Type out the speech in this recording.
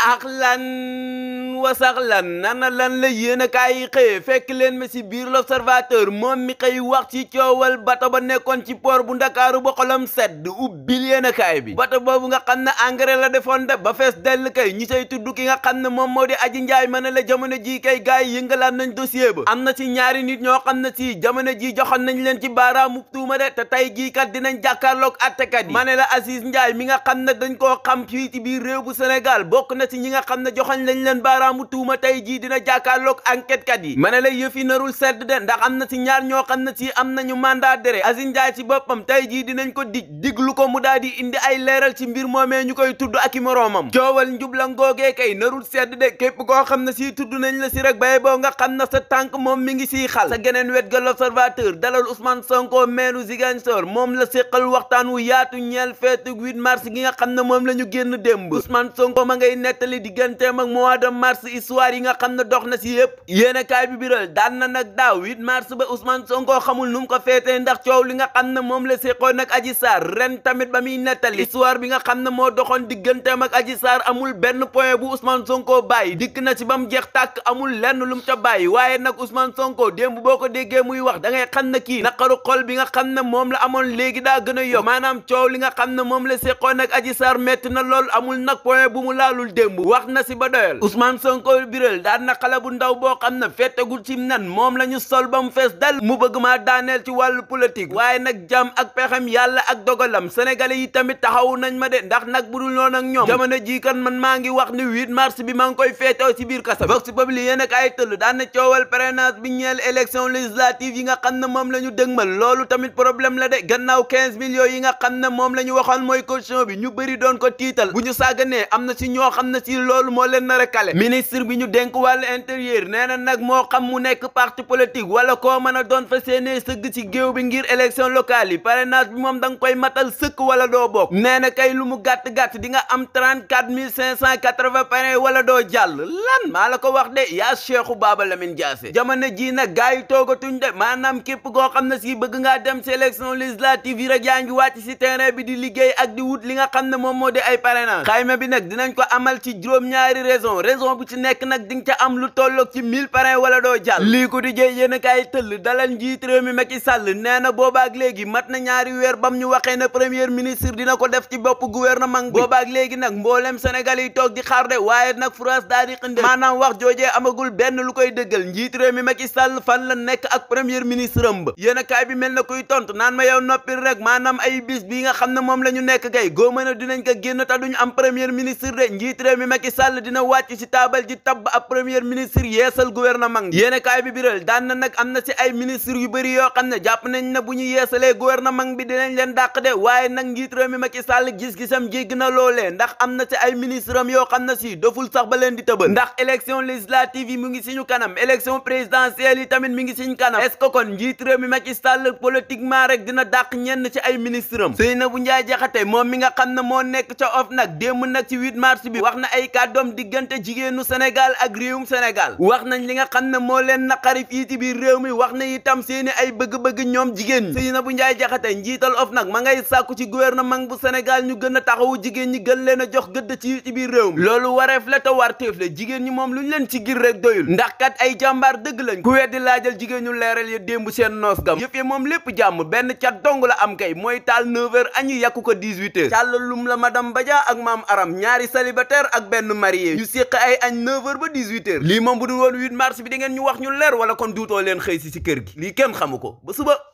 axlan wasaxlan nana lan la yéen a kaay xëye fekk leen ma si biir l'observateur moom mi kay wax ci coowal bato ba nekkoon ci port bu ndakaaru ba xolam sedd ubbil yéen a bi bato boobu nga xam ne engrais la defoon de ba fees dell kay ñi say tudd ki nga xam ne moom moo di aji njaay ma ne la jamono ji kay gars yi yëngalaat nañ dossier ba am na si ñaari nit ñoo xam ne si jamono ji joxoon nañu leen ci baaraamu tuuma de te tey jii kat dinañ jàkkaarloog attekat yi ne la Aziz Njaay mi nga xam ne dañ koo xam fii ci biir réew bu Sénégal bokk na ci ñi nga xam ne joxoñ lañ leen baaraamu tuuma tey jii dina jàkkaarloog enquête kat yi ma ne la yëfi narul sedd de ndax am na ci ñaar ñoo xam ne ci am nañu mandat dere Aziz Ndiaye ci boppam tey jii dinañ ko dig diglu ko mu daal di indi ay leeral ci mbir moomee ñu koy tudd ak i moroomam coowal njubla ngoogee kay narul sedd de képp koo xam ne si tudd nañ la si rek bay boo nga xam na sa tànk moom mi ngi si xal sa geneen wet ga l'observateur dalal Ousmane Sonko meeru Ziguinchor moom la séqal waxtaan wu yaatu ñeel feetu 8 mars gi nga xam ne moom la ñu génn démb nettali digganteem ak mois de mars histoire yi nga xam ne dox na si yëpp yéene kaay bi biral daan na nag daaw 8 mars ba Ousmane Sonko xamul nu mu ko feetee ndax coow li nga xam ne moom la séqoon nag Adji Sarr ren tamit ba muy nettali histoire bi nga xam ne moo doxoon digganteem ak Adji Sarr amul benn point bu Ousmane Sonko bàyyi dikk na si ba mu jeex tàkk amul lenn lu mu ca bàyyi waaye nag Ousmane Sonko démb boo ko déggee muy wax da ngay xam ne kii naqaru xol bi nga xam ne moom la amoon léegi daa gën a yokk maanaam coow li nga xam ne moom la séqoon nag Adji Sarr metti na lool amul nag point bu mu laalul démb démb wax na si ba doyal Ousmane Sonko biral daan na ndaw boo xam ne fettegul ci nan moom la ñu sol ba mu fees dal mu bëgg maa daaneel ci wàllu politique waaye nag jàmm ak pexem yàlla ak dogalam sénégalais yi tamit taxawu nañ ma de ndax nag bu dul noonu ak ñoom jamono jii kan man maa ngi wax ni 8 mars bi ma ngi koy feetoo ci biir kasa vox populi yéen ak ay tëll daan na coowal parrainage bi ñeel élection législative yi nga xam ne moom la ñu dëgmal loolu tamit yi nga xam ne moom la ñu waxoon mooy caution bi ñu bëri doon ko si loolu moo leen nar a kale ministre bi ñu dénk wàllu intérieur nee na nag moo xam mu nekk parti politique wala koo mën a doon fa séenee sëgg ci géew bi ngir élection locale yi parrainage bi moom da nga koy matal sëkk wala doo bokk nee na kay lu mu gàtt-gàtt di nga am 34 580 parrain wala doo jàll lan maa la ko wax de yaa Cheikhou Baba Lamine Diassé jamono ji nag gars yi toogatuñ de maanaam képp goo xam na si bëgg ngaa dem si élection législative yi rek yaa ngi wàcc si terrain bi di liggéey ak di li nga xam ne moom moo di ay parrainage bi nag dinañ ko amal ci ci juróom-ñaari raison raison bu ci nekk nag di nga ca am lu tolloog ci mille parrain wala doo jàll lii ko di jëy yéen a kaay tëll dalal njiit réew mi Macky Sall nee na boobaak léegi mat na ñaari weer bam ñu waxee na premier ministre dina ko def ci bopp gouvernement bi boobaak léegi nag mboolem Sénégal yi toog di xaar de waaye nag France daal di xënde maanaam wax joojee amagul benn lu koy dëggal njiit réew ma Macky Sall fan la nekk ak premier ministre am ba yéen a bi mel na kuy tontu naan ma yow noppil rek maanaam ay bis bi nga xam ne moom la ñu nekk gay góomën a mi Macky Sall dina wàcc ci taabal ji tabb ab premier ministre yeesal gouvernement yéene kaay bi biral daan na nag am na ci ay ministre yu bëri yoo xam ne jàpp nañ ne bu ñu yeesalee gouvernement bi dinañ leen dàq de waaye nag njiit réew mi Macky Sall gis-gisam jéggi na loolee ndax am na ci ay ministre am yoo xam ne si doful sax ba leen di tëbal ndax élection législative yi mu ngi suñu kanam élection présidentielle yi tamit mu ngi suñu kanam est-ce que kon njiit réew mi Macky Sall politiquement rek dina dàq ñenn ci ay ministre am Seynabou Ndiaye Diakhaté moom mi nga xam ne moo nekk ca nag ci ay kàddoom diggante jigéenu Sénégal ak réewum Sénégal wax nañ li nga xam ne moo leen naqari fii ci biir réew mi wax na itam seeni ay bëgg-bëgg ñoom jigéen Seynabou Ndiaye Diakhaté njiital nag ma ngay sàkku ci gouvernement bu Sénégal ñu gën a taxawu jigéen ñi gën leen a jox gëdd ci ci réew mi loolu wareef la te warteef la jigéen ñi moom lu ñu leen ci gir rek doyul ndax kat ay jàmbaar dëgg lañ ku weddi laajal jigéen ñu leeral ya démb seen noos gam yëf moom lépp jàmm benn cat dong la am kay mooy taal 9 heures añu yàkku ko 18 heures càllalum la madame Badja ak maam Aram ñaari célibataire ak benn marié ñu séq ay añ 9h ba 18 lii moom bu dul woon mars bi da ngeen ñu wax ñu leer wala kon duutoo leen xëy si si kër gi lii kenn xamu ko ba